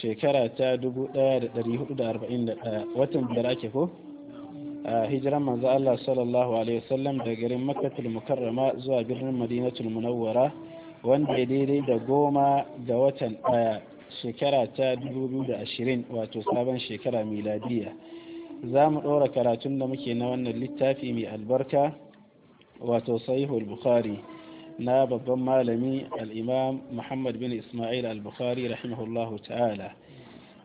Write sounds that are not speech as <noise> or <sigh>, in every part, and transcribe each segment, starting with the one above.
shekara ta 1441 watan biyar ake ko a hijiran manzo Allah sallallahu alaihi wasallam daga garin Makkatul Mukarrama zuwa birnin Madinatul Munawwara wanda ya daidai da goma ga watan ɗaya shekara ta 2020 wato sabon shekara miladiya za mu ɗora karatun da muke na wannan littafi mai albarka wato sahihul bukhari na babban malami al'imam muhammad bin ismail al-bukhari rahimahullahu ta'ala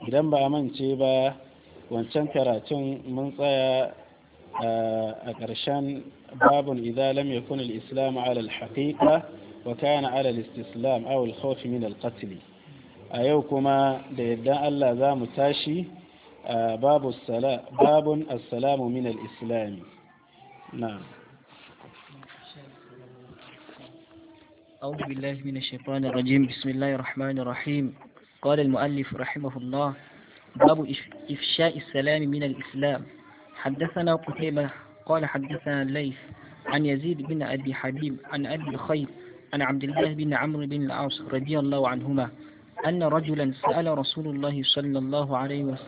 idan ba mance ba wancan karatun mun tsaya a ƙarshen babun idan lam kuna islam alal haƙiƙa haqiqa wa kana ala istislam aw al-khawf min al a yau kuma da yadda Allah za mu tashi babun as-salamu min al-islam na'am أعوذ بالله من الشيطان الرجيم بسم الله الرحمن الرحيم قال المؤلف رحمه الله باب إفشاء السلام من الإسلام حدثنا قتيبة قال حدثنا الليث عن يزيد بن أبي حبيب عن أبي خير عن عبد الله بن عمرو بن العاص رضي الله عنهما أن رجلا سأل رسول الله صلى الله عليه وسلم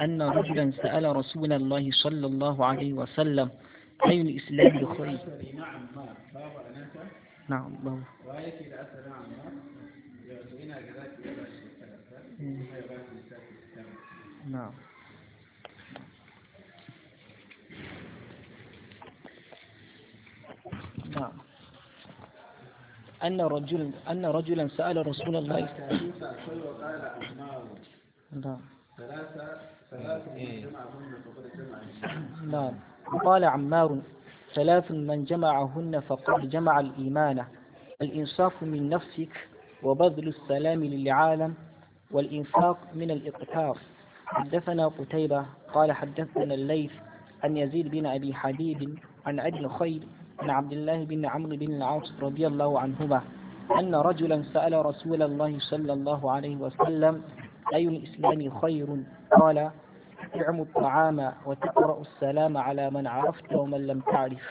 أن رجلا سأل رسول الله صلى الله عليه وسلم أي الإسلام خير نعم بابا نعم، نعم. نعم نعم أن رجل أن رجلا سأل رسول الله نعم ثلاثة ثلاثة نعم وقال عمار ثلاث من جمعهن فقد جمع الإيمان الإنصاف من نفسك وبذل السلام للعالم والإنفاق من الإقتار حدثنا قتيبة قال حدثنا الليث عن يزيد بن أبي حبيب عن أبي خير عن عبد الله بن عمرو بن العاص رضي الله عنهما أن رجلا سأل رسول الله صلى الله عليه وسلم أي الإسلام خير قال تطعم الطعام وتقرأ السلام على من عرفت ومن لم تعرف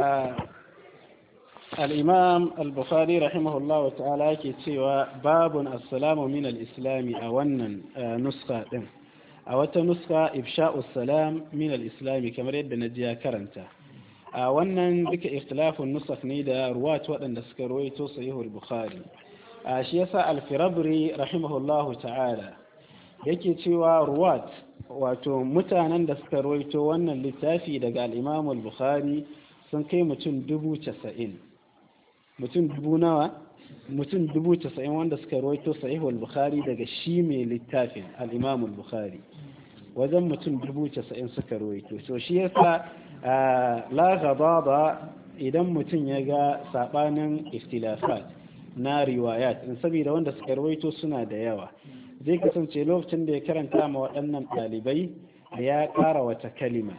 آه الإمام البخاري رحمه الله تعالى كتوى باب السلام من الإسلام أولا آه نسخة أولا نسخة إفشاء السلام من الإسلام كما يبدو نجيا كرنته a wannan duka ikhtilafin nusaf ne da ruwat waɗanda suka rawaito sahihul bukhari a shi yasa alfirabri rahimahullahu ta'ala yake cewa ruwat wato mutanen da suka rawaito wannan littafi daga al-imam al-bukhari sun kai mutum dubu casa'in mutum dubu nawa mutum dubu casa'in wanda suka rawaito sahihul bukhari daga shi mai littafin al-imam al-bukhari wajen mutum dubu casa'in suka ruwaito so shi ya sa la gaba idan mutum ya ga saɓanin istilafat na riwayat in saboda wanda suka ruwaito suna da yawa zai kasance lokacin da ya karanta ma waɗannan ɗalibai ya ƙara wata kalima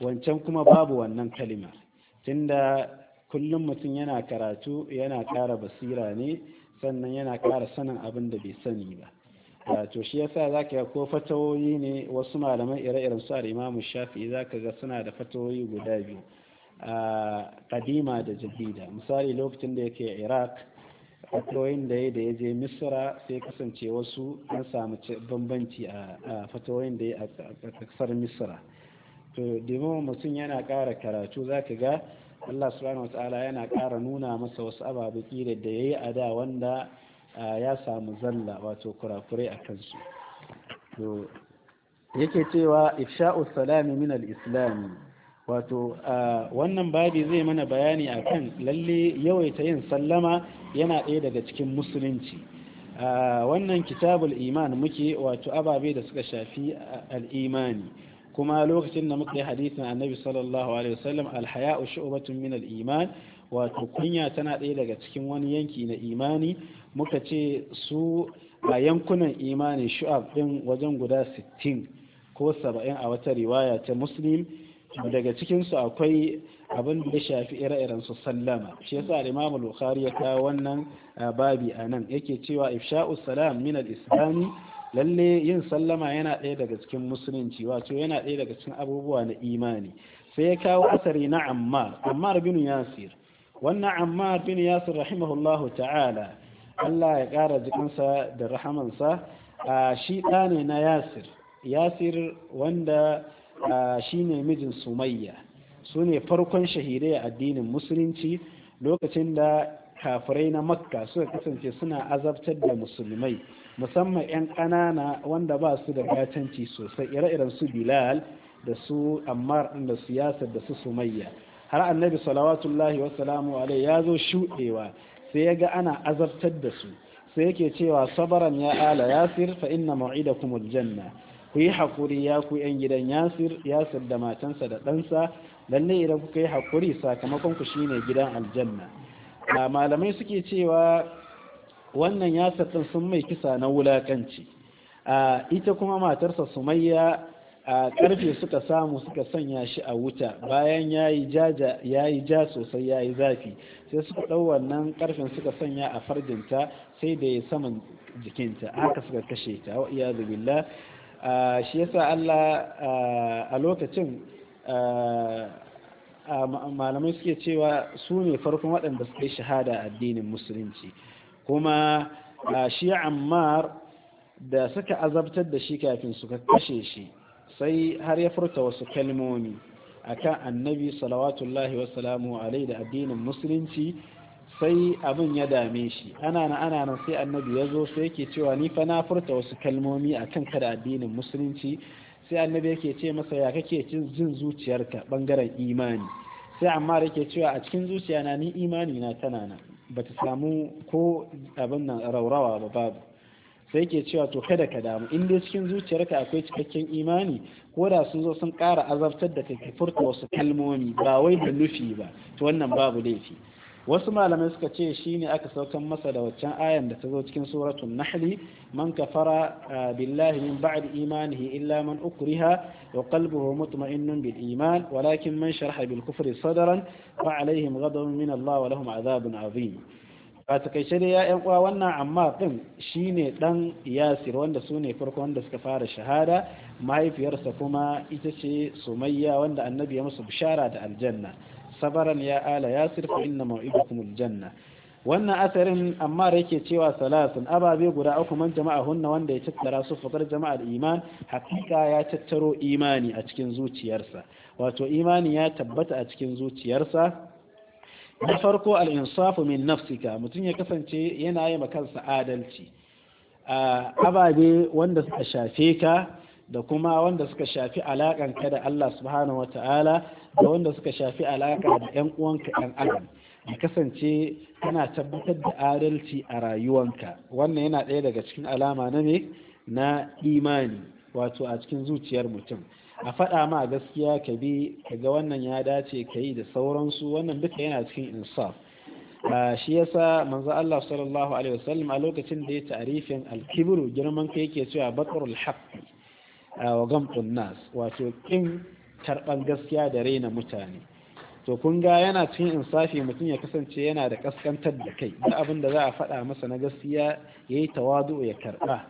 wancan kuma babu wannan kalima tunda kullum mutum yana karatu yana ƙara basira ne sannan yana ƙara sanin abin da bai sani ba to shi yasa zaka ga ko fatawoyi ne wasu malaman ire-iren su al-Imam Shafi'i zaka ga suna da fatawoyi guda biyu a kadima da jadida misali lokacin da yake Iraq fatawoyin da ya da ya je Misra sai kasance wasu an samu bambanci a fatawoyin da ya a kasar Misra to demo mutum yana ƙara karatu zaka ga Allah subhanahu wa ta'ala yana ƙara nuna masa wasu ababe da yayi a da wanda ya samu zalla wato kurakurai a kansu to yake cewa ifsha'u salami min al-islam wato wannan babi zai mana bayani akan lalle yawaita yin sallama yana ɗaya daga cikin musulunci wannan kitabul iman muke wato ababe da suka shafi al-imani kuma lokacin da muka yi hadisin annabi sallallahu alaihi wasallam al-haya'u shu'batun min al-iman wato kunya tana ɗaya daga cikin wani yanki na imani muka ce su a yankunan imani shu'ab ɗin wajen guda 60 ko 70 a wata riwaya ta muslim daga cikinsu akwai abin da ya shafi ire-iren su sallama shi yasa imam bukhari ya kawo wannan babi a nan yake cewa ifsha'u salam min al-islami lalle yin sallama yana ɗaya daga cikin musulunci wato yana ɗaya daga cikin abubuwa na imani sai ya kawo asari na amma ammar rabinu yasir wannan amma bin yasir rahimahullahu ta'ala Allah ya ƙara jikinsa da rahamansa shi ɗane ne na yasir yasir wanda shi ne mijin sumayya su ne farkon shahidai a addinin musulunci lokacin da kafirai na makka suka kasance suna azabtar da musulmai musamman 'yan ƙanana wanda ba su da gatanci sosai ire-iren su bilal da su ammar da su yasir da su sumayya har annabi salawatullahi wasalamu alai ya zo shuɗewa sai yaga ana azabtar da su sai yake cewa sabaran ya ala yasir fa inna kuma aljanna ku yi hakuri ya ku yan gidan yasir yasir da matansa da ɗansa lalle idan kuka yi hakuri sakamakon ku shine gidan aljanna malamai suke cewa wannan yasir ɗin sun mai kisa na wulakanci ita kuma matarsa sumayya a karfe suka samu suka sanya shi a wuta bayan ya yi ja sosai ya yi zafi sai suka ɗau wannan karfin suka sanya a farjinta sai da ya saman jikinta haka suka kashe ta wa iya zubilla shi yasa Allah a lokacin malamai suke cewa su ne farkon waɗanda suka yi shahada addinin musulunci kuma shi ammar da suka azabtar da shi kafin suka kashe shi sai har ya furta wasu kalmomi akan annabi salawatullahi wasalamu alai da addinin musulunci sai abin ya dame shi ana na ana na sai annabi ya zo sai yake cewa ni fa na furta wasu kalmomi akan kada addinin musulunci sai annabi yake ce masa ya kake jin zuciyarka bangaren imani sai amma yake cewa a cikin zuciya na ni imani na tana nan bata samu ko abin nan raurawa ba babu sai ke cewa to kada ka damu in dai cikin zuciyarka akwai cikakken imani ko da sun zo sun ƙara azabtar da kai furta wasu kalmomi ba wai da nufi ba to wannan babu laifi wasu malamai suka ce shine aka saukan masa da waccan ayan da ta zo cikin suratul nahli man kafara billahi min ba'di imanihi illa man ukriha wa qalbuhu mutma'innun bil iman walakin man sharaha bil kufri sadran fa alaihim ghadabun min Allah wa lahum adhabun azim a takaice dai ya'yan uwa wannan amma din shine dan yasir wanda su ne farko wanda suka fara shahada mahaifiyarsa kuma ita ce sumayya wanda annabi ya musu bishara da aljanna sabaran ya ala yasir fa inna maw'idakum aljanna wannan asarin amma da yake cewa salasin ababe guda uku man jama'a hunna wanda ya tattara su fakar jama'ar iman hakika ya tattaro imani a cikin zuciyarsa wato imani ya tabbata a cikin zuciyarsa na farko al'insafu min nafsika mutum ya kasance yana yi kansa adalci a ababe wanda suka shafe ka da kuma wanda suka shafi alaƙanka da Allah subhanahu wata'ala da wanda suka shafi alaƙa da ‘yan uwanka ‘yan adam ya kasance kana tabbatar da adalci a rayuwanka wannan yana ɗaya daga cikin alama na ne na imani wato a cikin zuciyar mutum a faɗa ma gaskiya ka bi ga wannan ya dace ka yi da sauransu wannan duka yana cikin insaf shi yasa manzo Allah sallallahu alaihi wasallam a lokacin da ya ta'rifin al-kibru girman kai yake cewa batrul haqq wa gamtun nas wato kin tarban gaskiya da raina mutane to kun ga yana cikin insafi mutum ya kasance yana da kaskantar da kai duk abin da za a faɗa masa na gaskiya yayi tawadu ya karba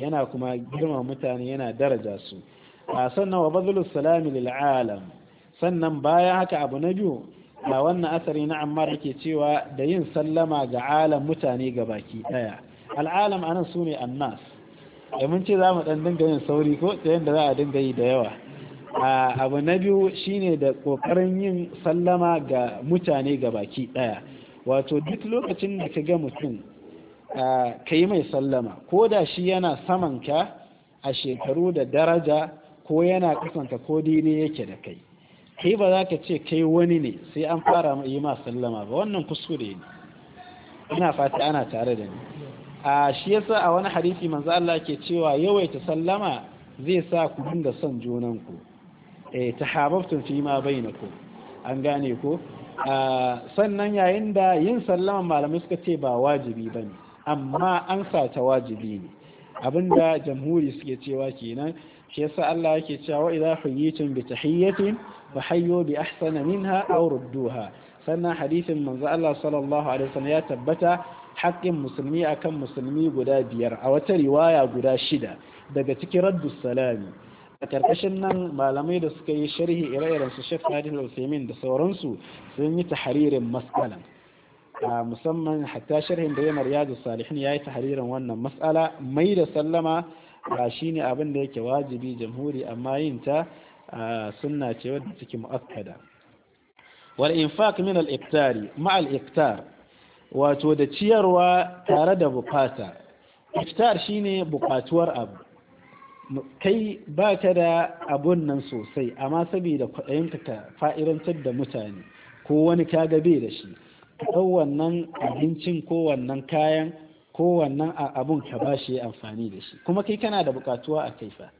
yana kuma girma mutane yana daraja su sannan wa bazulus salami lil alam sannan baya haka abu na biyu a wannan asari na amma yake cewa da yin sallama ga alam mutane ga baki daya al'alam anan su ne annas mun ce za mu dan dinga yin sauri ko ta yadda za a dinga yi da yawa abu na biyu shine da kokarin yin sallama ga mutane ga baki daya wato duk lokacin da ka ga mutum ka yi mai sallama ko da shi yana saman ka a shekaru da daraja ko yana kasanta ko dini yake da kai kai ba za ka ce kai wani ne sai an fara yi ma sallama ba wannan kuskure ne ina fata ana tare da ni a shi yasa a wani hadisi manzo Allah ke cewa yawaita sallama zai sa ku dinga son junan ku eh tahabbtum fi ma bainakum an gane ko sannan yayin da yin sallama malamai suka ce ba wajibi bane amma an sa ta wajibi ne abinda jamhuri suke cewa kenan yasa Allah yake cewa idza huyitum bi tahiyyatin fa hayyu bi ahsana minha aw rudduha sannan hadisin manzo Allah sallallahu alaihi wasallam ya tabbata haƙƙin musulmi akan musulmi guda biyar a wata riwaya guda shida daga cikin raddu salami a karkashin nan malamai da suka yi sharhi ire-iren su Sheikh Nadir usaimin da sauransu sun yi tahririn mas'alan musamman hatta sharhin da ya Riyadu Salihin yi tahririn wannan mas'ala mai da sallama ba shi ne abin da yake wajibi jamhuri amma yin ta sunna ce wadda take mu'akkada wal infaq min al iktari ma al wato da ciyarwa tare da bukata iftar shine bukatuwar abu kai ba ka da abun nan sosai amma saboda kwaɗayin ka fa'irantar da mutane ko wani kaga bai da shi ko wannan abincin ko wannan kayan kowannan abun ka ba shi amfani da shi kuma kai kana da bukatuwa a kai fa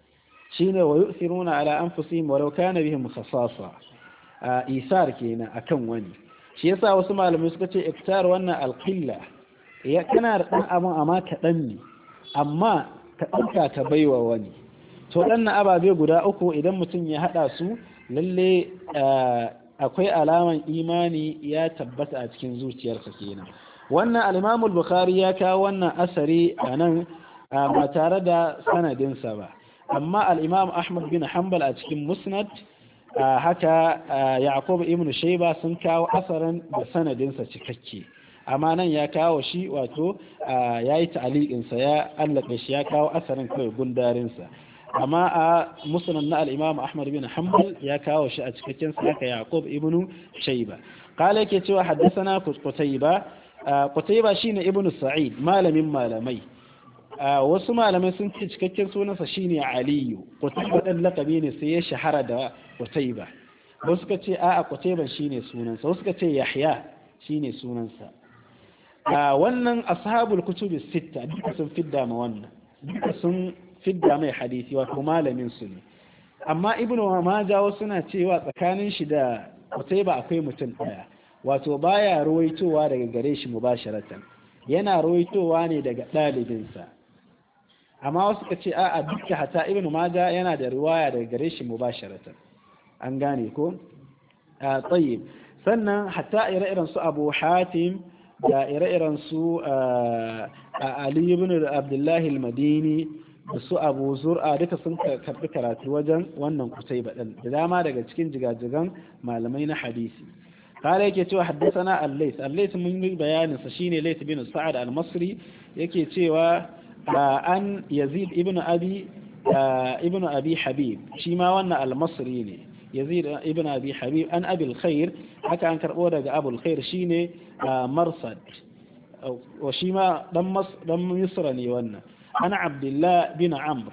ne wa yu'thiruna ala anfusihim walau kana bihim khasasa a isar kenan akan wani shi yasa wasu malamai suka ce iktar wannan alqilla ya kana da dan abun amma kaɗan ne amma ka ɗauka ta baiwa wani to ɗannan ababe guda uku idan mutum ya haɗa su lalle akwai alaman imani ya tabbata a cikin zuciyarsa kenan wannan alimamul imam ya kawo wannan asari a nan ba tare da sanadinsa ba amma alimam Ahmad bin Hanbal a cikin Musnad haka Yaqub ibn Shayba sun kawo asarin da sanadinsa cikakke amma nan ya kawo shi wato ya yi ta'aliƙinsa ya allaka shi ya kawo asarin kawai gundarinsa amma a Musnad na al'imam ahmad bin hanbal ya kawo shi a cikakken haka yaqub ibnu shayba qala yake cewa haddathana qutayba Kwataiba ah, shi ne Ibn Sa'id malamin malamai ah, wasu malamai sun ce cikakken sunansa shi ne Aliyu Kwataiba dan lakabi ne sai ya shahara da Kwataiba. wasu suka ce a'a shi ne sunansa wasu suka ce Yahya ne sunansa ah, wannan ashabul kutubi Sita duka sun fidda ma wannan duka sun fidda mai hadisi wato malamin su ne amma ibnu maja wasu suna cewa tsakanin shi da Kwataiba akwai mutum ɗaya. wato baya ruwaitowa daga gare shi mubasharatan yana ruwaitowa ne daga ɗalibinsa amma wasu ka ce a'a duka hata ibn maja yana da riwaya daga gare shi mubasharatan an gane ko a tsayi sannan hata ire-iren su abu hatim da ire-iren su ali ibn abdullahi madini da su abu zur'a duka sun karɓi karatu wajen wannan kusai baɗin da dama daga cikin jigajigan malamai na hadisi kare yake cewa haddasana allais allais mun yi bayanin sa shine lais bin sa'ad al-masri yake cewa an yazid ibn abi ibn abi habib shi ma wannan al-masri ne yazid ibn abi habib an abi khair haka an karbo daga abu khair shine marsad wa shi ma dan dan misra ne wannan ana abdullah bin amr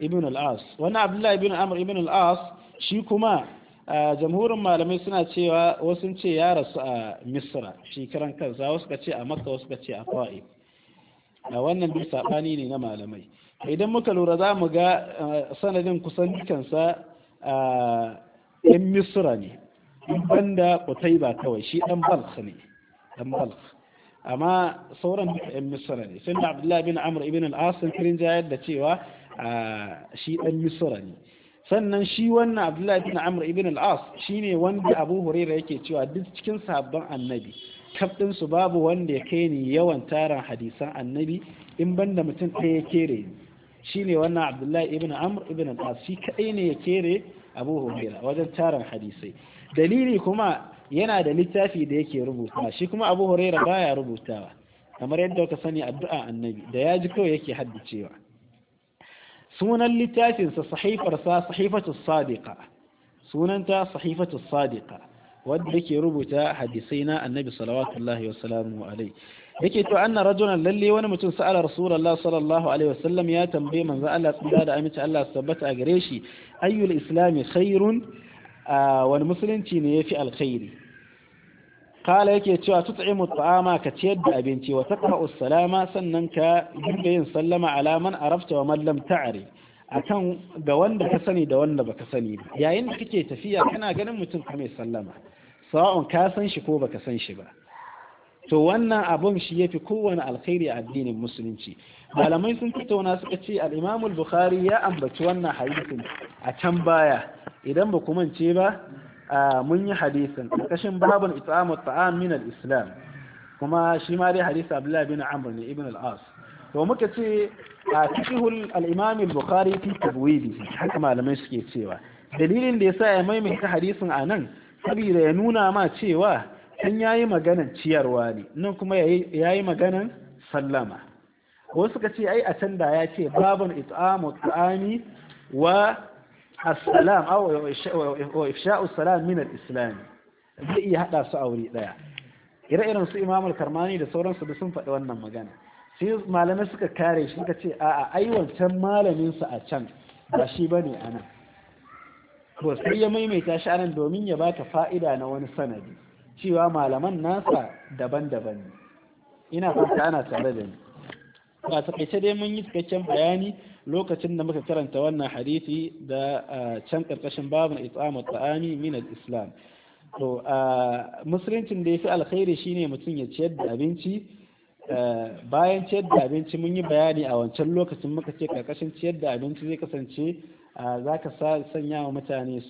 ibn al-as wannan abdullah ibn amr ibn al-as shi kuma jamhurin malamai suna cewa wasu ce ya rasu a misra shi kansa wasu ka ce a makka wasu ka ce a fa'i a wannan bi sabani ne na malamai idan muka lura za mu ga sanadin kusan kansa a yan misra ne banda kutai ba kawai shi dan balkh ne dan balkh amma sauran yan misra ne sun da abdullahi bin amr ibn al kirin jayar da cewa shi dan misra ne sannan shi wannan abdullahi bin amr ibn al-as shine wanda abu huraira yake cewa duk cikin sahabban annabi kaftin su babu wanda ya kai ni yawan taron hadisan annabi in banda mutum ɗaya ya kere ni shine wannan abdullahi ibn amr ibn al-as shi kadai ne ya kere abu huraira wajen taron hadisai dalili kuma yana da littafi da yake rubuta shi kuma abu huraira baya rubutawa kamar yadda ka sani addu'a annabi da ya ji kawai yake haddacewa sunan littafinsa sahifarsa sahifatu sadiqa sunanta sahifatu sadiqa wadda yake rubuta hadisai na annabi salawatullahi wa salamu alai yake to anna rajulan lalle wani mutum sa'ala rasulullah sallallahu alaihi wasallam ya tambaye manzo Allah tsira da aminci Allah tabbata a gare shi ayyul islami khairun ah, wani musulunci ne yafi alkhairi kala yake cewa tut'imu ta'ama ka ciyar da abinci wa taqra'u salama sannan ka dinga yin sallama alaman man arafta wa mallam ta'ari, akan ga wanda ka sani da wanda baka sani ba yayin da kake tafiya kana ganin mutum ka mai sallama sawa'un ka san shi ko baka san shi ba to wannan abun shi yafi kowane alkhairi a addinin musulunci malamai sun tattauna suka ce al imamul bukhari ya ambaci wannan hadisin a can baya idan ba ku mance ba mun yi hadisin ƙarƙashin babin it'amu ta'am min al-islam kuma shi ma dai hadisi abdullahi bin amr ne ibn al-as to muka ce a cikin al-imam al-bukhari fi tabwidi haka malamai suke cewa dalilin da ya sa ya maimaita hadisin nan, saboda ya nuna ma cewa an yayi maganan ciyarwa ne nan kuma yayi maganan sallama wasu ka ce ai a can da ya ce babun it'amu ta'ami wa assalam aw ifsha'u salam min al-islam zai iya hada su a wuri daya ire-iren su Imamar al-karmani da sauransu da sun faɗi wannan magana sai malamai suka kare shi suka ce a'a ai wancan malamin sa a can ba shi bane anan to sai ya maimaita shi anan domin ya baka fa'ida na wani sanadi cewa malaman nasa daban-daban ne ina fata ana tare da ni ba taƙaice dai mun yi cikakken bayani lokacin da muka karanta wannan hadisi da can karkashin babin itsamu ta'ami min islam to musuluncin da yafi alkhairi shine mutum ya ciyar da abinci bayan ciyar da abinci mun yi bayani a wancan lokacin muka ce karkashin ciyar da abinci zai kasance za ka sanya wa mutane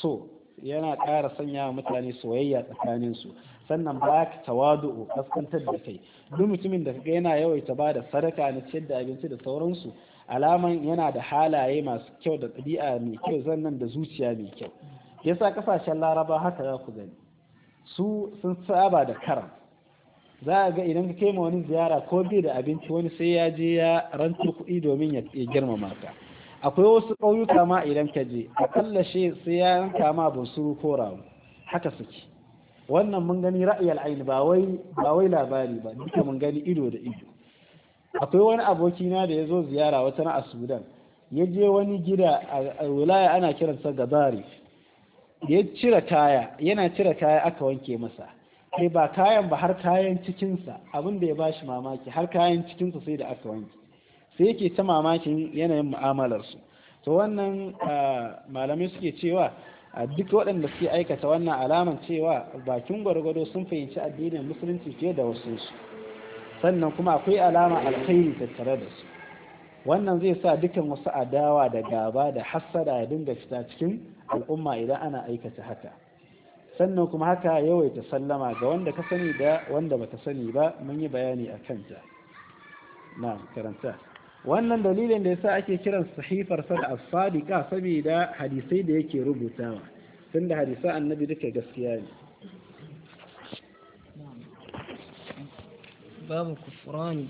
so yana ƙara sanya wa mutane soyayya tsakaninsu sannan ba ka tawadu'u kaskantar da kai duk mutumin da kaga yana yawaita ba da sadaka na ciyar da abinci da sauransu alaman yana da halaye masu kyau da ɗabi'a mai kyau zannan da zuciya mai kyau yasa kasashen laraba haka za ku gani su sun saba da karam za a ga idan ka kai wani ziyara ko bai da abinci wani sai ya je ya rantu kuɗi domin ya girmama ka akwai wasu ƙauyuka ma idan ka je akalla shi sai ya yanka ma bunsuru ko rawu haka suke wannan mun gani ra'ayi ayn ba wai labari ba duka mun gani ido da ido akwai wani aboki na da zo ziyara wata na a Sudan ya je wani gida a wilaya ana kiransa Gazari ya cire kaya yana cire kaya aka wanke masa sai ba kayan ba har kayan cikinsa abin da ya ba shi mamaki har kayan cikinsa sai da aka wanke sai yake ta mamakin yanayin mu'amalarsu to wannan ah, malamai suke cewa a duk waɗanda suke aikata wannan alaman cewa bakin gwargwado sun fahimci addinin musulunci fiye da wasu su sannan kuma akwai alama alkhairi tattare da su wannan zai sa dukan wasu adawa da gaba da hassada ya dinga fita cikin al'umma idan ana aikata haka sannan kuma haka yawaita sallama ga wanda ka sani da wanda baka sani ba mun yi bayani a kanta na karanta wannan dalilin da yasa ake kiran sahifar sa da sadiqa saboda hadisai da yake rubutawa tunda hadisan annabi duka gaskiya ne باب كفران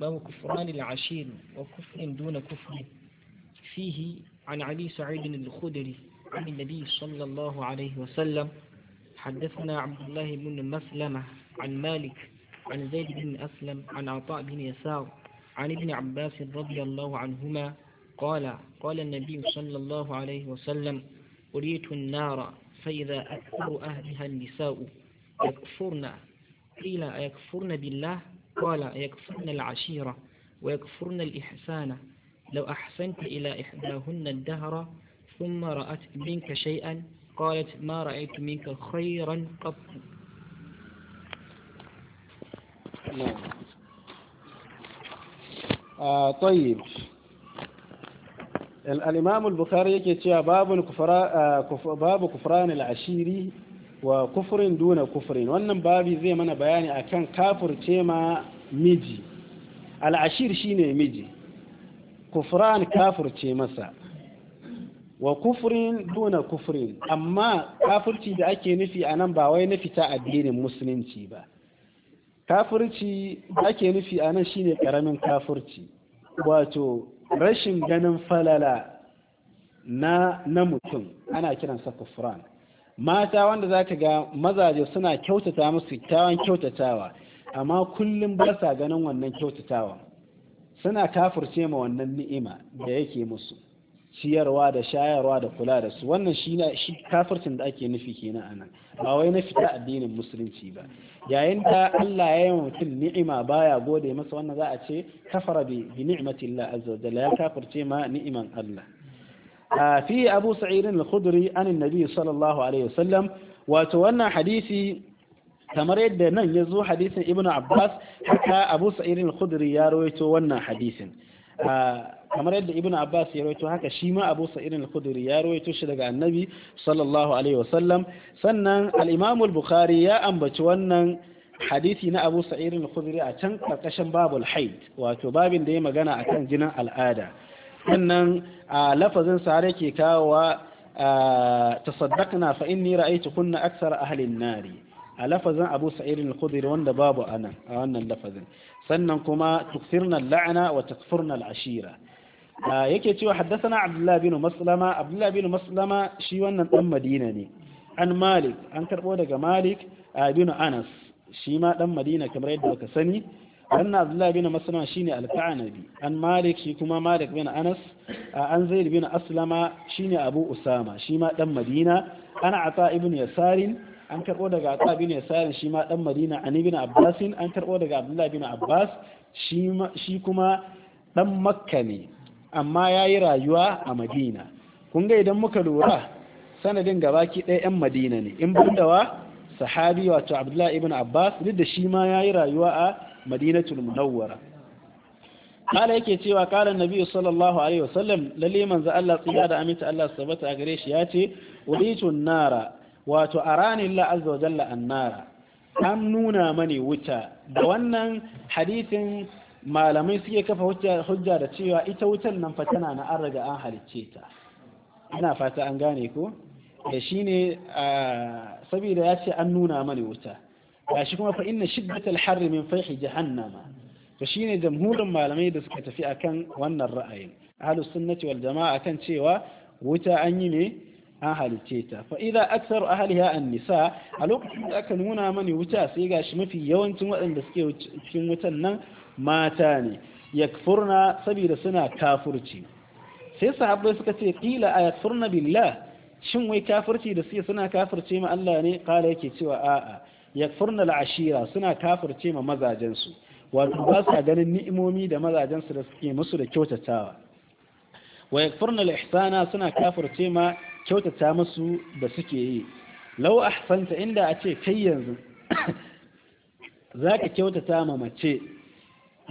باب كفران العشير وكفر دون كفر فيه عن علي سعيد الخدري عن النبي صلى الله عليه وسلم حدثنا عبد الله بن مسلمة عن مالك عن زيد بن أسلم عن عطاء بن يسار عن ابن عباس رضي الله عنهما قال قال النبي صلى الله عليه وسلم أريت النار فإذا أكثر أهلها النساء يكفرن قيل أيكفرن بالله قال يكفرن العشيرة ويكفرن الإحسان لو أحسنت إلى إحداهن الدهر ثم رأت منك شيئا قالت ما رأيت منك خيرا قط نعم آه طيب الإمام البخاري يكي باب كفران باب كفران العشيري wa kufurin duna kufurin wannan babi zai mana bayani akan kafirce ma miji al'ashir shine miji kufran kafurce masa wa kufurin duna kufurin amma kafirci da ake nufi a nan ba wai na fita addinin musulunci ba kafirci da ake nufi a nan shine karamin kafirci wato rashin ganin falala na na mutum ana kiransa kufran mata wanda zaka ga mazaje suna kyautata musu kyakkyawan kyautatawa amma kullum ba sa ganin wannan kyautatawa suna kafirce ma wannan ni'ima da yake musu ciyarwa da shayarwa da kula da su wannan shi shi kafircin da ake nufi kenan anan ba wai na fita addinin musulunci ba yayin da Allah ya yi mutum ni'ima baya gode masa wannan za a ce kafara bi ni'matillah azza wa jalla ya kafirce ma ni'iman Allah fi Abu Sa'id al-Khudri an annabi sallallahu alaihi wasallam wato wannan hadisi kamar yadda nan ya zo hadisin Ibn Abbas haka Abu Sa'id al-Khudri ya rawaito wannan hadisin kamar yadda ibn abbas ya rawaito haka shi ma abu sa'id al-khudri ya rawaito shi daga annabi sallallahu alaihi wasallam sannan al-imam al-bukhari ya ambaci wannan hadisi na abu sa'id al-khudri a can karkashin babul haid wato babin da ya magana akan jinin al'ada sannan a lafazin sa yake wa tasaddaqna fa inni ra'aytu kunna aksar ahli an-nari a lafazin abu sa'id al-khudri wanda babu anan a wannan lafazin sannan kuma tukfirna al-la'na wa takfurna al-ashira yake cewa haddasana abdullahi bin maslama abdullahi bin maslama shi wannan dan madina ne an malik an karbo daga malik bin anas shi ma dan madina kamar yadda ka sani wannan abdullahi bin maslama shine al-ka'anabi an malik shi kuma malik bin anas an zaid bin aslama shine abu usama shi ma dan madina ana ata ibn yasarin an karbo daga ata bin yasarin shi ma dan madina ani bin abbasin an karbo daga abdullahi bin abbas shi kuma dan makka ne amma ya yi rayuwa a madina kun ga idan muka lura sanadin gaba ki ɗaya 'yan madina ne in dawa sahabi wato abdullahi ibn abbas duk da shi ma ya yi rayuwa a madinatul munawwara kala yake cewa kala nabi sallallahu alaihi wasallam lalle manzo Allah tsira da aminta Allah sabata a gare shi ya ce walitun nara wato arani Allah azza wa jalla nara, an nuna mani wuta da wannan hadisin malamai suke kafa hujja da cewa ita wutan nan fa tana na an riga an halicce ta ina fata an gane ko da shine saboda ya ce an nuna mani wuta gashi kuma fa inna shiddatal harri min fayhi jahannama to shine jamhurin malamai da suka tafi akan wannan ra'ayin ahlus sunnati wal jama'a kan cewa wuta an yi ne an halice ta fa idza aktsaru ahliha an-nisa a lokacin da aka nuna mani wuta sai gashi mafi yawancin waɗanda suke cikin wutan nan mata ne yakfurna saboda suna kafurci sai sahabbai suka ce qila ayakfurna billah shin wai kafurci da suke suna kafurce ma Allah ne kala yake cewa a'a yakfurna al-ashira suna kafurce ma mazajen su wato ba sa ganin ni'imomi da mazajen su da suke musu da kyautatawa wa yakfurna al-ihsana suna kafurce ma kyautata musu da suke yi lau ahsanta inda a ce kai yanzu <coughs> zaka kyautata ma mace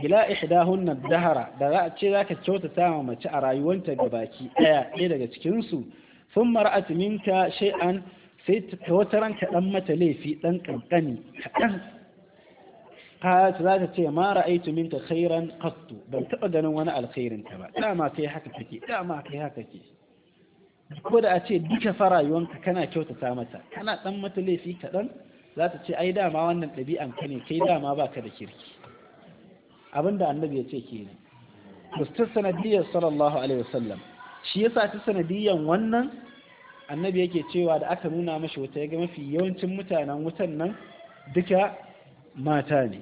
ila ihdahunna dahara da za a ce zaka kyautata ma mace a rayuwanta ga baki daya ɗaya daga cikin su sun mar'at minka shay'an sai ta wata ranka dan mata laifi dan kankani kadan ce ذات تي ما رأيت منك خيرا قط بل تبدن وانا الخير ba لا ما haka حكتك لا ما haka حكتك ko da a ce duka farayuwanka kana kyautata mata kana dan mata laifi kaɗan za ta ce ai dama wannan ɗabi'an ka ne kai dama baka da kirki abinda annabi ya ce ke ne ta sanadiyar sallallahu alaihi wasallam shi ya sa ta sanadiyar wannan annabi yake cewa da aka nuna mashi wuta ya ga mafi yawancin mutanen wutan nan duka mata ne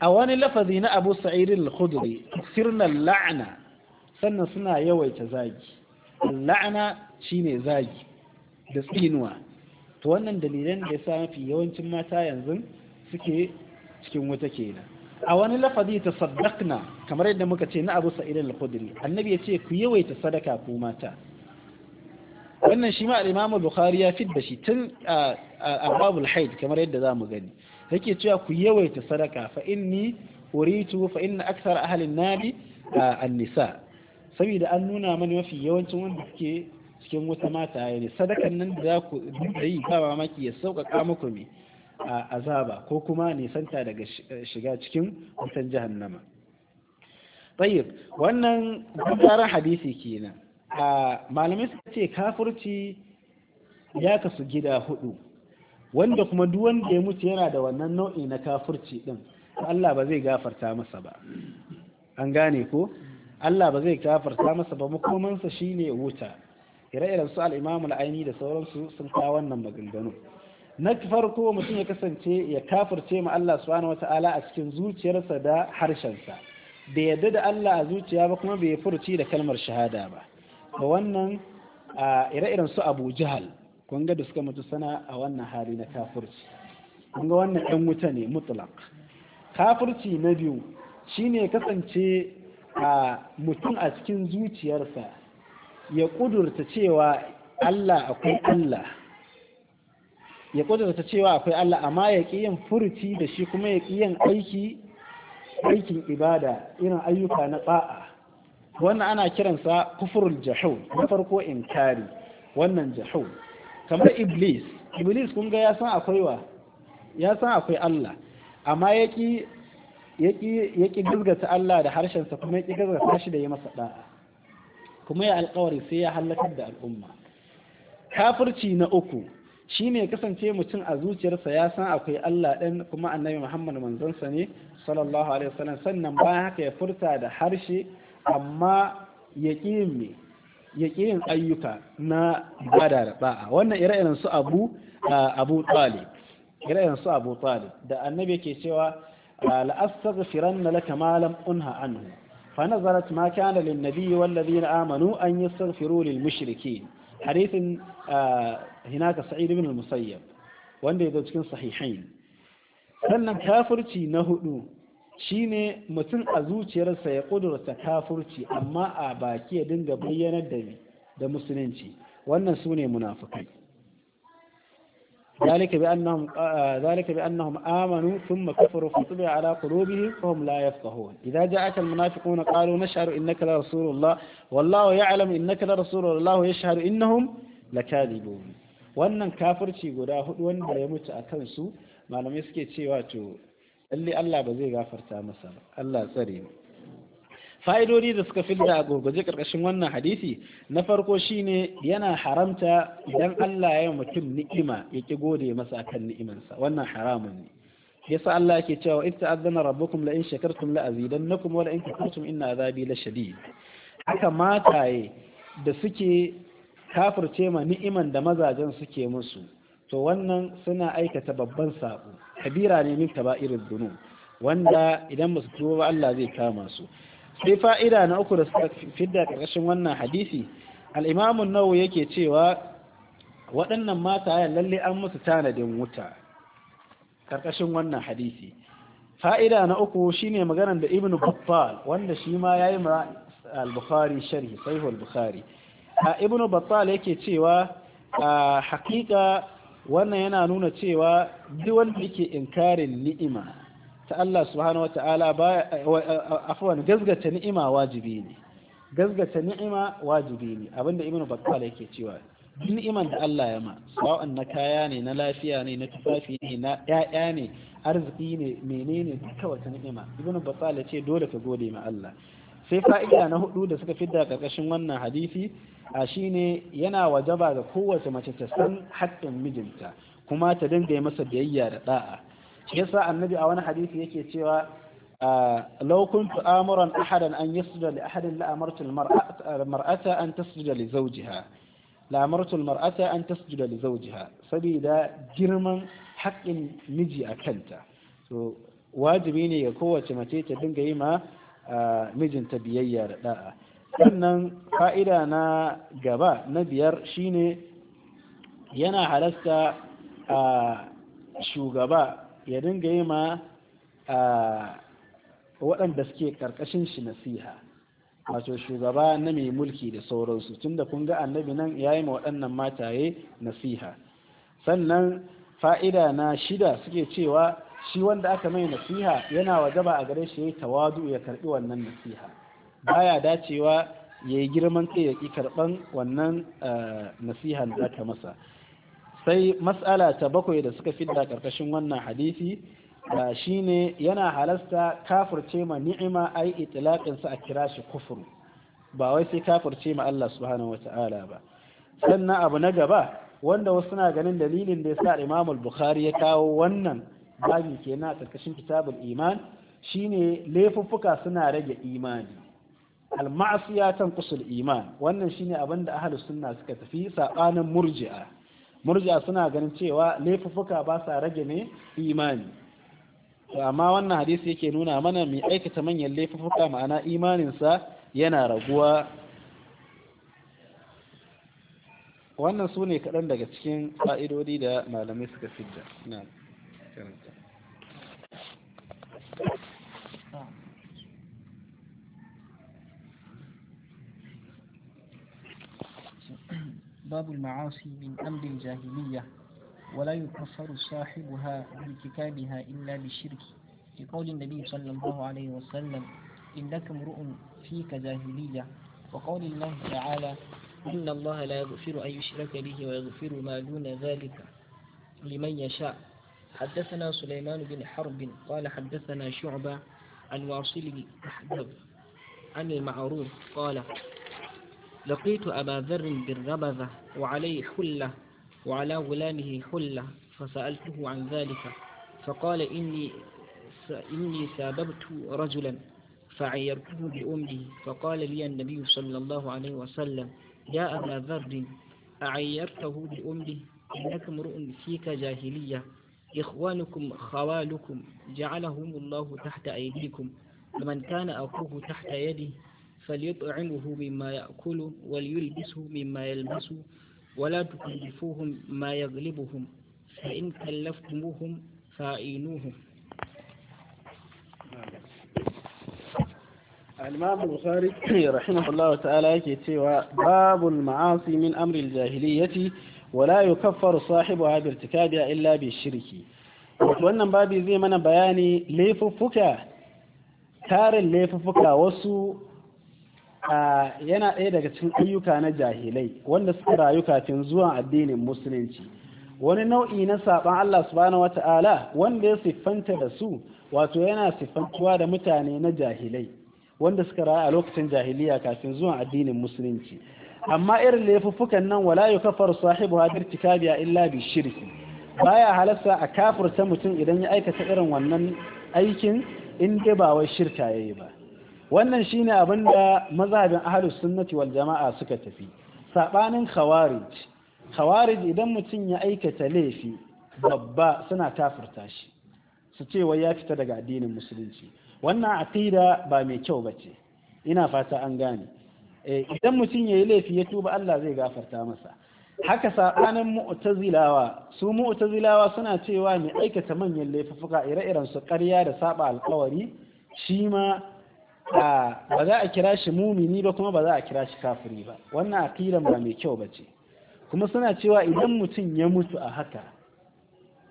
a wani lafazi na abu Sairin al-khudri sirnan la'ana sannan suna yawaita zagi la'ana shine zagi da tsinuwa to wannan dalilan da yasa mafi yawancin mata yanzu suke cikin wuta kenan a wani lafazi ta na kamar yadda muka ce na abu sa'id al-khudri annabi ya ce ku yawaita sadaka ku mata wannan shi ma al-imamu bukhari ya fidda shi tun a babul haid kamar yadda zamu gani yake cewa ku yawaita sadaka fa inni uritu fa inna akthar ahli an-nabi an-nisa saboda an nuna mani mafi yawancin wanda suke cikin wata mata ya ne sadakan nan da za ku da yi ba mamaki ya sauƙaƙa muku ne a azaba ko kuma nisanta daga shiga cikin wutan jahannama tayyib wannan gudaran hadisi kenan a malamai suka ce kafurci ya kasu gida hudu wanda kuma duk wanda ya mutu yana da wannan nau'i na kafurci din Allah ba zai gafarta masa ba an gane ko Allah ba zai kafarta masa ba makomansa shine wuta ire-iren su al-Imam da sauransu sun kawo wannan maganganu na farko mutum ya kasance ya kafirce ma Allah subhanahu wata'ala a cikin zuciyarsa da harshensa bai yadda da Allah a zuciya ba kuma bai furci da kalmar shahada ba ba wannan a ire-iren su Abu kun ga da suka mutu sana a wannan hali na kafirci kun ga wannan 'yan wuta ne mutlak kafirci na biyu shine kasance a mutum a cikin zuciyarsa ya ƙudurta cewa Allah akwai Allah ya ƙudurta cewa akwai Allah amma ya ƙi yin furuci da shi kuma ya ƙi yin aiki aikin ibada irin ayyuka na ba'a wannan ana kiransa kufurul jahul na farko inkari wannan jahul kamar iblis iblis kun ga ya san akwai wa ya san akwai Allah amma ya ƙi ya ƙi gazgata Allah da harshensa kuma ya ƙi gazgata shi da ya masa da'a kuma ya alƙawari sai ya hallakar da al'umma kafirci na uku shi ne kasance mutum a zuciyarsa ya san akwai Allah ɗan kuma annabi Muhammad manzonsa ne sallallahu alaihi wasallam sannan bayan haka ya furta da harshe amma ya ƙi yin ayyuka na bada da ba'a wannan ire-iren su abu abu da annabi ke cewa لأستغفرن لك ما لم أنهى عنه فنظرت ما كان للنبي والذين آمنوا أن يستغفروا للمشركين حديث هناك سعيد بن المسيب wanda ya zo cikin sahihain sannan kafurci na hudu shine mutum a zuciyarsa ya kudurta kafurci amma a baki ya dinga bayyanar da da musulunci wannan su ne munafukai ذلك بأنهم ذلك بأنهم آمنوا ثم كفروا فطبع على قلوبهم فهم لا يفقهون إذا جاءك المنافقون قالوا نشعر إنك لرسول الله والله يعلم إنك لرسول الله يشهد إنهم لكاذبون wannan kafirci guda hudu wanda ya mutu a kansu malamai suke cewa to lalle Allah ba zai gafarta masa ba Allah tsare mu fa'idodi da suka fidda a gurguje karkashin wannan hadisi na farko shine yana haramta idan Allah ya mutum ni'ima ya ki gode masa kan ni'imansa wannan haramun ne yasa Allah yake cewa in ta'azzana rabbukum la in shakartum la azidannakum wa la in kafartum inna azabi la shadid haka mataye da suke kafirce ma ni'iman da mazajen suke musu to wannan suna aikata babban sako kabira ne min irin dunub wanda idan ba su tuba Allah zai kama su sai fa'ida na uku da suka fidda ƙarshen wannan hadisi al'imamun nawo yake cewa waɗannan mata ya lalle an musu tanadin wuta ƙarƙashin wannan hadisi fa'ida na uku shine maganar da ibn battal wanda shi ma ya yi ma al-bukhari sharhi sahih al-bukhari ibn battal yake cewa a hakika wannan yana nuna cewa duk wanda yake inkarin ni'ima ta Allah subhanahu wata'ala ba afwan gazgata ni'ima wajibi ne gazgata ni'ima wajibi ne abinda ibnu bakkal yake cewa duk ni'iman da Allah ya ma sawan na kaya ne na lafiya ne na tufafi ne na ƴaƴa ne arziki ne menene duka wata ni'ima ibnu bakkal ce dole ka gode ma Allah sai fa'ida na hudu da suka fidda karkashin wannan hadisi a shine yana wajaba ga kowace mace ta san haƙƙin mijinta kuma ta dinga yi masa biyayya da da'a yasa annabi a wani hadisi yake cewa ah, law kuntu amuran ahadan an yasjuda li ahadin la amartu mar'ata an tasjuda li zawjiha la amartu mar'ata an tasjuda li zawjiha saboda girman haƙƙin miji a kanta so wajibi ne ga kowace mace ta dinga yi ma ah, mijinta biyayya da da'a sannan fa'ida na gaba na biyar shine yana halasta a ah, shugaba ya dinga yi ma waɗanda suke ƙarƙashin shi nasiha wato shugaba na mai mulki da sauransu tunda kun ga annabi nan ya yi ma waɗannan mataye nasiha sannan fa'ida na shida suke cewa shi wanda aka mai nasiha yana wajaba a gare shi ya yi tawadu ya karɓi wannan nasiha baya dacewa ya yi girman kai ya ƙi karɓan wannan nasihan da aka masa sai mas'ala ta bakwai da suka fidda karkashin wannan hadisi shine yana halasta kafirce ma ni'ima ai itlaqin sa a kira shi kufur ba wai sai kafirce ma Allah subhanahu wata'ala ba sannan abu na gaba wanda wasu suna ganin dalilin da yasa Imam al-Bukhari ya kawo wannan babi kenan a karkashin kitabul iman shine laifuffuka suna rage imani al-ma'siyatan qusul iman wannan shine abin da ahlus sunna suka tafi sabanin murji'a murja suna ganin cewa laifuffuka ba sa rage ne imani to amma wannan hadisi yake nuna mana mai aikata manyan laifuffuka ma'ana imaninsa yana raguwa wannan su ne kaɗan daga cikin fa'idodi da malamai suka fidda na karanta أسباب المعاصي من أمر الجاهلية ولا يكفر صاحبها بارتكابها إلا بالشرك لقول النبي صلى الله عليه وسلم إنك امرؤ فيك جاهلية وقول الله تعالى إن الله لا يغفر أن يشرك به ويغفر ما دون ذلك لمن يشاء حدثنا سليمان بن حرب قال حدثنا شعبة عن واصل الأحدب عن المعروف قال لقيت أبا ذر بالربذة وعليه حلة وعلى غلامه حلة فسألته عن ذلك فقال إني إني ساببت رجلا فعيرته بأمه فقال لي النبي صلى الله عليه وسلم يا أبا ذر أعيرته بأمه إنك امرؤ فيك جاهلية إخوانكم خوالكم جعلهم الله تحت أيديكم فمن كان أخوه تحت يده فليطعمه مما يأكل وليلبسه مما يلبس ولا تكلفوهم ما يغلبهم فإن كلفتموهم فأعينوهم الإمام البخاري رحمه الله تعالى يكتوى باب المعاصي من أمر الجاهلية ولا يكفر صاحبها بارتكابها إلا بالشرك wannan babi zai mana bayani laifuffuka tarin laifuffuka wasu yana ɗaya daga cikin ayyuka na jahilai wanda suka rayu kafin zuwa addinin musulunci wani nau'i na saɓan Allah subhanahu wata'ala wanda ya siffanta da su wato yana siffantuwa da mutane na jahilai wanda suka rayu a lokacin jahiliya kafin zuwan addinin musulunci amma irin laifuffukan nan wala kafar sahibu hadir tikabiya illa bi shirki baya halarta a kafirta mutum idan ya aikata irin wannan aikin in dai ba wai shirka yayi ba wannan shine abin da mazhabin ahlus sunnati wal jama'a suka tafi sabanin khawarij khawarij idan mutum ya aikata laifi babba suna tafurta shi su ce wai ya fita daga addinin musulunci wannan aqida ba mai kyau bace ina fata an gane eh, idan mutum yayi laifi ya tuba Allah zai gafarta masa haka sabanin mu'tazilawa su mu'tazilawa suna cewa mai aikata manyan laifuka ire-iren su ƙarya da saba alƙawari shi ma ba za a kira shi mumini ba kuma ba za a kira shi kafiri ba wannan aqidan ba mai kyau bace kuma suna cewa idan mutum ya mutu a haka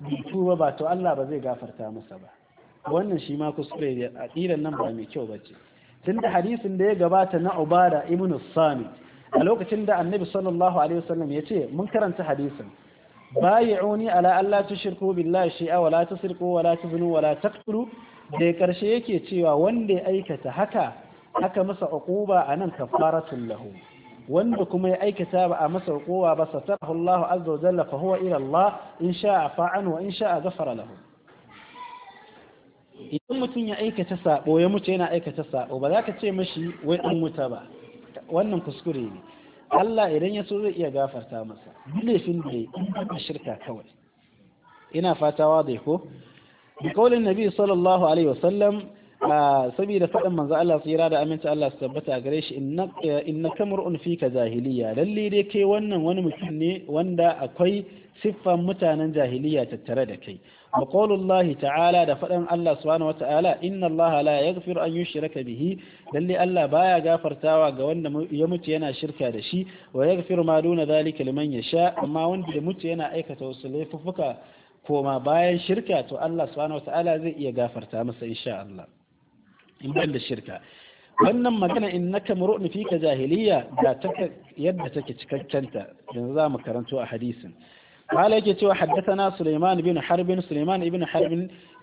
mutu tuba ba to Allah ba zai gafarta masa ba wannan shi ma kuskure da aqidan nan ba mai kyau bace tunda hadisin da ya gabata na Ubada ibn sami a lokacin da Annabi sallallahu alaihi wasallam ya ce mun karanta hadisin بايعوني billahi shay'a wa la tusriku wa la ولا wa la taqtulu da karshe yake cewa wanda ya aikata haka aka masa uquba anan kafaratul lahu wanda kuma ya aikata ba a masa uquba ba satarahu Allahu azza wa jalla fa huwa ila Allah in sha'a fa'an wa in sha'a ghafara lahu idan mutum ya aikata sabo ya mutu yana aikata sabo ba za ka ce mashi wai an wuta ba wannan kuskure ne Allah idan ya so zai iya gafarta masa laifin da ya shirka kawai ina fata wa ko bi Nabiyu nabi sallallahu alaihi wasallam saboda faɗin manzo Allah tsira da aminci Allah su tabbata gare shi inna kamrun fika jahiliya lalle dai kai wannan wani mutum ne wanda akwai siffan mutanen jahiliya tattare da kai wa ta'ala da faɗin Allah subhanahu wata'ala inna Allah la yaghfiru an yushraka bihi lalle Allah baya gafartawa ga wanda ya mutu yana shirka da shi wa yaghfiru ma duna zalika liman yasha amma wanda ya mutu yana aikata wasu laifuffuka koma bayan shirka to Allah subhanahu wata'ala zai iya gafarta masa insha Allah in ban da shirka wannan magana innaka muru'un fika jahiliya da yadda take ta yanzu zamu karanto a hadisin قال يجي حدثنا سليمان بن حرب سليمان بن حرب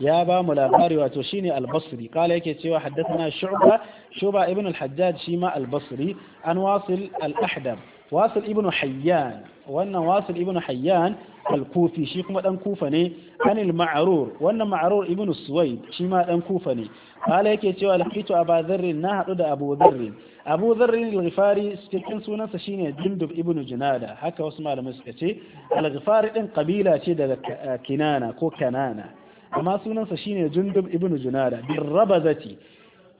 يا با albasri. وتوشيني البصري قال يجي حدثنا شعبة شعبة ابن الحجاج شيما البصري أن واصل الأحدب wasil ibn hayyan wannan wasil ibn hayyan al-kufi shi kuma dan kufa ne anil ma'rur wannan ma'rur ibn suwaid shi ma dan kufa ne ala yake cewa laqitu aba dharrin na hadu da abu dharrin abu dharrin al-ghifari cikin sunansa shine jundub ibn junada haka wasu malamai suka ce al-ghifari din kabila ce daga kinana ko kanana amma sunansa shine jundub ibn junada bin rabazati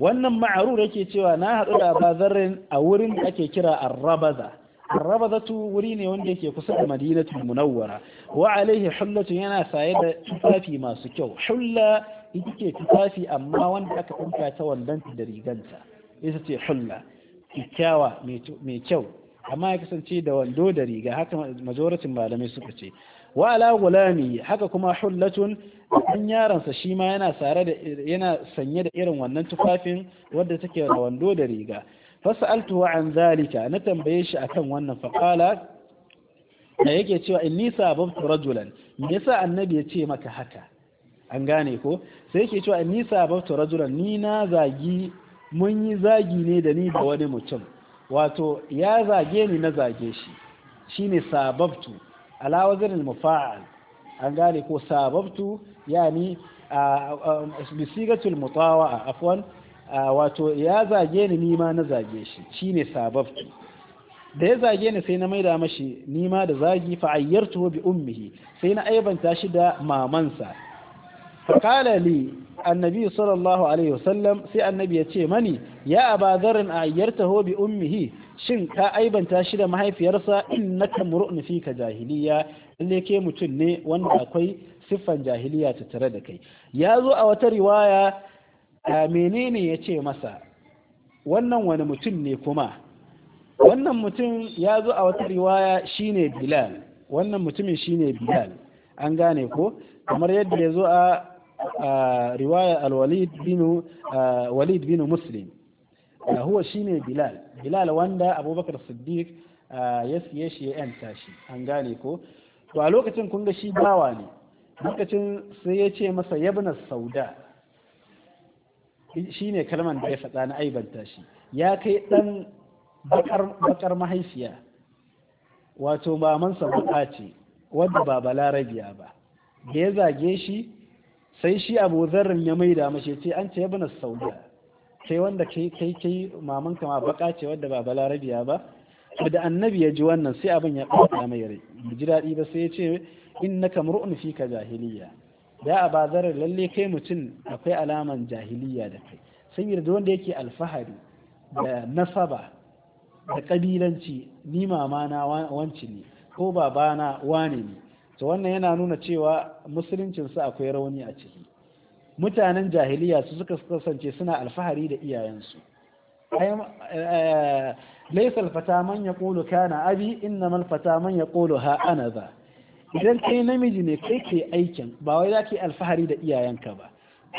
wannan ma'arur yake cewa na haɗu da abazarrin a wurin da ake kira arrabaza arrabadatu wuri ne wanda yake kusa da madinatu munawwara wa alaihi hullatu yana saye da tufafi masu kyau hulla ita ce tufafi amma wanda aka ɗinka ta wandanta da riganta ita ce hulla kyakkyawa mai kyau amma ya kasance da wando da riga haka majoratin malamai suka ce wa ala gulami haka kuma hullatun dan sa shi ma yana sare da yana sanye da irin wannan tufafin wanda take da wando da riga fasa'altu an zalika na tambaye shi akan wannan faqala da yake cewa inni sababtu rajulan me yasa annabi ya ce maka haka an gane ko sai yake cewa inni sababtu rajulan ni na zagi mun yi zagi ne da ni da wani mutum wato ya zage ni na zage shi shine sababtu ala wazanil mufa'al an gane ko sababtu yani bisigatul mutawa afwan wato ya zage ni nima na zage shi shi ne sabab da ya zage ni sai na maida mashi nima da zagi fa ayyartuhu bi ummihi sai na aibanta shi da mamansa fa li annabi sallallahu alaihi wasallam sai annabi ya ce mani ya a ayyarta ho bi ummihi shin ka aibanta shi da mahaifiyarsa innaka mur'un fika jahiliya lalle ke mutum ne wanda akwai siffan jahiliya tattare da kai ya zo a wata riwaya menene ya ce masa wannan wani mutum ne kuma wannan mutum ya zo a wata riwaya shine bilal wannan mutumin shine bilal an gane ko kamar yadda ya zo a riwaya al binu muslim da muslim huwa shine bilal bilal wanda abubakar siddiq ya siye shi ya yanta shi an gane ko to a lokacin kun ga shi bawa ne lokacin sai ya ce masa yabna sauda shi ne kalman da ya faɗa na aibanta shi ya kai ɗan bakar mahaifiya wato mamansa baka ce wadda ba balarabiya ba da ya zage shi sai shi abu zarrin ya maida mace ce an ce yabana sauya kai wanda kai kai mamanka ma baka ce wadda ba balarabiya ba da annabi ya ji wannan sai abin ya ɓata mai rai ji daɗi ba sai ya ce innaka mur'un fika jahiliya da a zarar lalle kai mutum akwai alaman jahiliya da kai Sun da wanda yake alfahari da nasaba da ƙabilanci, ni mama na wanci ne ko baba na wane ne to wannan yana nuna cewa su akwai rauni a ciki mutanen jahiliya su suka kasance suna alfahari da iyayensu eh, laisa alfata man yaqulu kana abi innamal fata man yaqulu ha ana idan kai namiji ne kai ke aikin ba wai za ka yi alfahari da iyayenka ba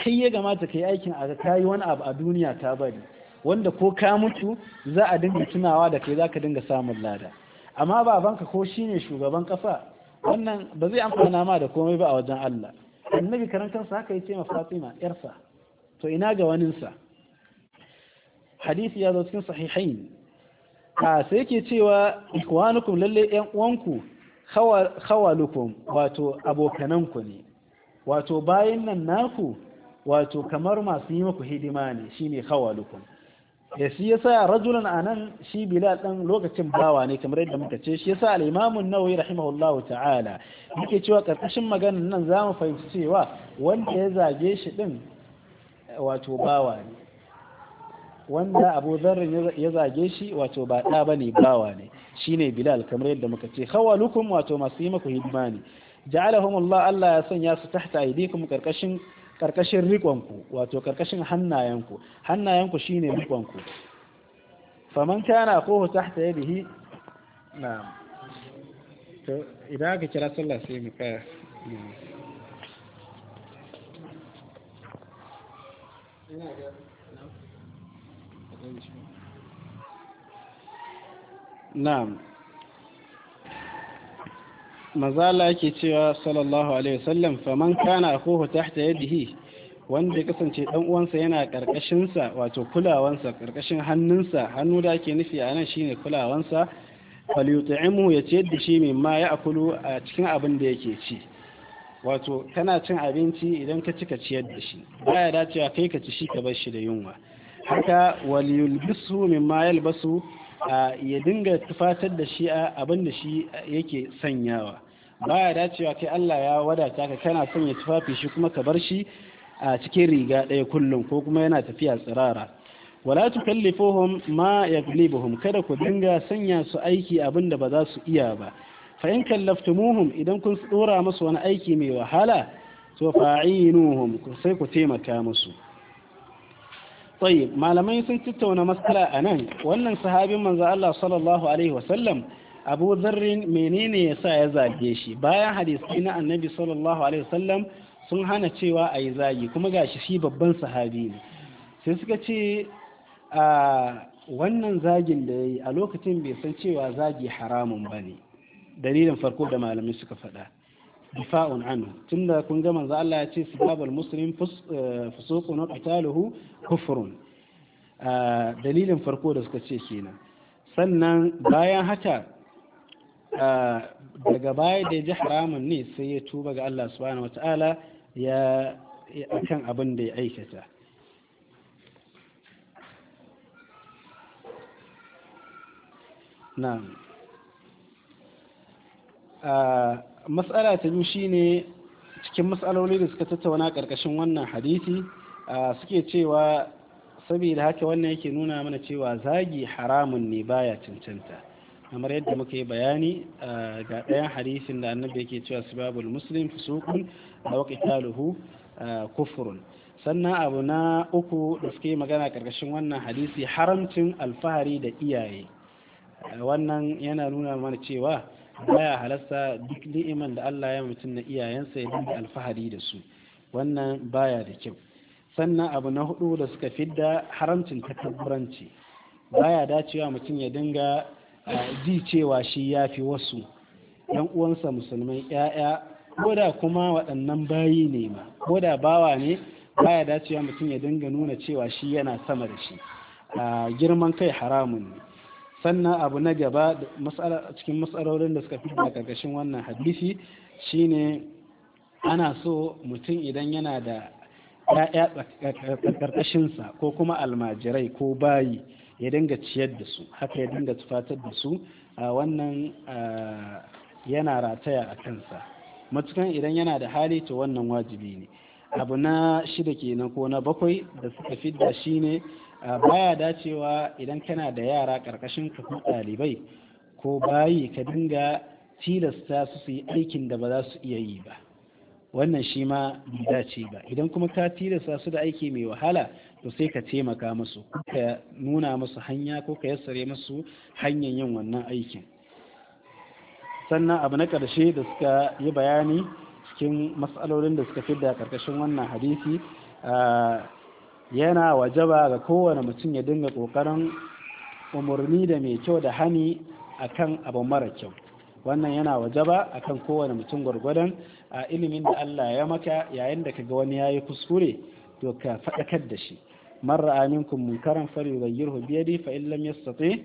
kai ya gamata ka yi aikin a ka yi wani abu a duniya ta bari wanda ko ka mutu za a dinga tunawa da kai za ka dinga samun lada amma babanka ko shi ne shugaban kafa? wannan ba zai amfana ma da komai ba a wajen Allah annabi karantar kansa haka yace ma Fatima yarsa to ina ga waninsa hadisi ya zo cikin sahihain a sai yake cewa ikwanukum lalle yan uwanku khawalukum wato abokananku ne wato bayan nan naku wato kamar masu yi muku hidima ne shine khawalukum ya eh, shi yasa rajulan anan shi bilal dan lokacin bawa ne kamar yadda muka ce shi yasa al-imam an-nawawi rahimahullahu ta'ala yake cewa karkashin maganar nan zamu fahimci cewa wanda ya zage shi din wato bawa ne wanda abu ya zage shi wato ba ɗa ba bawa ne shine bilal kamar yadda muka ce khawalukum wato masu yi maku hidima ne ja'alahum Allah Allah ya sanya su tahta aydikum karkashin karkashin rikonku wato karkashin hannayenku hannayenku shine rikonku faman kana kohu tahta yadihi na to idan aka kira sallah sai mu kaya na'am mazala yake cewa sallallahu alaihi wasallam faman kana akhuhu tahta yadihi wanda ya kasance dan uwansa yana karkashin sa wato kulawansa karkashin hannunsa hannu da ake nufi a nan shine sa falyut'imu ya ciyar da shi mimma ya akulu a cikin abin da yake ci wato kana cin abinci idan ka cika ciyar da shi baya dacewa kai ka ci shi ka bar shi da yunwa haka waliyulbisu mimma yalbasu ya dinga tufatar da shi abin da shi yake sanyawa ba baya dacewa kai Allah ya wadata ka kana sanya tufafi shi kuma ka bar shi a cikin riga ɗaya kullum ko kuma yana tafiya tsirara wala tukallifuhum ma yaglibuhum kada ku dinga sanya su aiki abin da ba za su iya ba fa in kallaftumuhum idan kun dora musu wani aiki mai wahala to fa'inuhum sai ku taimaka musu tsaye malamai sun tattauna matsala a nan wannan sahabin manzo Allah sallallahu alaihi wasallam abu zarrin menene ya sa ya zabe shi bayan hadisi na annabi sallallahu alaihi wasallam sun hana cewa ayi zagi kuma ga shi babban sahabi ne sai suka ce a wannan zagin da ya yi a lokacin bai san cewa zagi haramun ba ne dalilin farko da malamai suka faɗa difa'un anhu tunda kun ga manzo Allah ya ce sibabul muslim fusuqun wa qitaluhu kufrun dalilin farko da suka ce kenan sannan bayan haka daga baya da ji haramun ne sai ya tuba ga Allah subhanahu wata'ala ya akan abin da ya aikata na'am matsala ta biyu shine cikin matsaloli da suka tattauna karkashin wannan hadisi suke cewa saboda haka wannan yake nuna mana cewa zagi haramun ne baya cancanta kamar yadda muka yi bayani ga ɗayan hadisin da annabi yake cewa babu muslim fusukun da waqitaluhu kufurun sannan abu na uku da suke magana karkashin wannan hadisi haramcin alfahari da iyaye wannan yana nuna mana cewa baya halasta duk ni'iman da Allah ya mutum na iyayensa ya dinga alfahari da su wannan baya da kyau sannan abu na hudu da suka fidda haramcin takabburanci baya dacewa mutum ya dinga ji cewa shi ya fi wasu yan uwansa musulmai ya'ya ko da kuma waɗannan bayi ne ma ko da bawa ne baya dacewa mutum ya dinga nuna cewa shi yana sama da shi girman kai haramun ne sannan abu na gaba cikin matsalolin da suka fi da karkashin wannan hadisi shine ana so mutum idan yana da ya'ya karkashinsa ko kuma almajirai ko bayi ya dinga ciyar da su haka ya dinga tufatar da su a wannan yana rataya a kansa matukan idan yana da hali to wannan wajibi ne abu na shida kenan ko na bakwai da suka fidda shine baya dacewa idan kana da yara karkashin ka ko ɗalibai ko bayi ka dinga tilasta su su yi aikin da ba za su iya yi ba wannan shi ma bai dace ba idan kuma ka tilasta su da aiki mai wahala to sai ka taimaka musu ko ka nuna musu hanya ko ka yassare musu hanyar yin wannan aikin sannan abu na ƙarshe da suka yi bayani cikin matsalolin da suka fi da ƙarƙashin wannan hadisi ah, yana wajaba ga kowane mutum ya dinga ƙoƙarin umarni da mai kyau da hani akan abu mara kyau wannan yana wajaba akan kowane mutum gwargwadon a ilimin da Allah ya maka yayin da kaga wani yayi kuskure to ka da shi man ra'a minkum munkaran falyughayyirhu bi yadi fa in lam yastati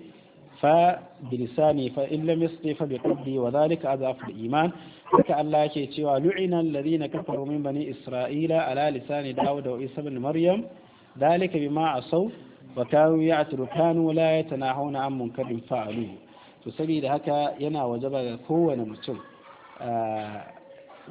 fa bi lisani fa in lam yastati fa bi qalbi wa dhalika adhafu iman haka Allah yake cewa lu'ina alladhina kafaru min bani isra'ila ala lisani dawud wa isa ibn maryam ذلك بما عصوا وكانوا يعتركان ولا يتناهون عن منكر فعلوه to saboda haka yana قوة ga kowane mutum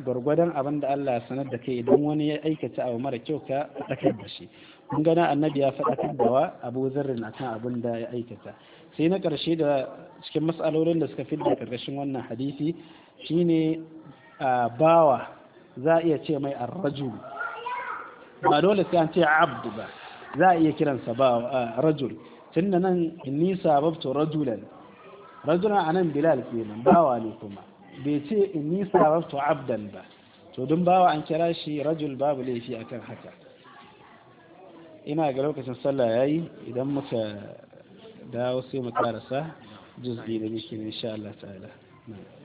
gwargwadon abin da Allah sanar da kai idan wani ya aikata abu mara kyau ka tsakar da shi mun gana annabi ya faɗakar da wa abu zarrin akan abin da ya aikata sai na karshe da cikin matsalolin da suka fidda da ƙarƙashin wannan hadisi shine bawa za a iya ce mai arrajulu ba dole sai an ce abdu ba za a iya kiransa ba rajul tun da nan nisa sababtu rajulan rajulan a nan bilal kenan bawa ne kuma bai ce nisa sababtu abdan ba to don bawa an kira shi rajul babu laifi akan haka ina ga lokacin sallah yayi idan muka dawo sai mu karasa juz'i da muke insha Allah ta'ala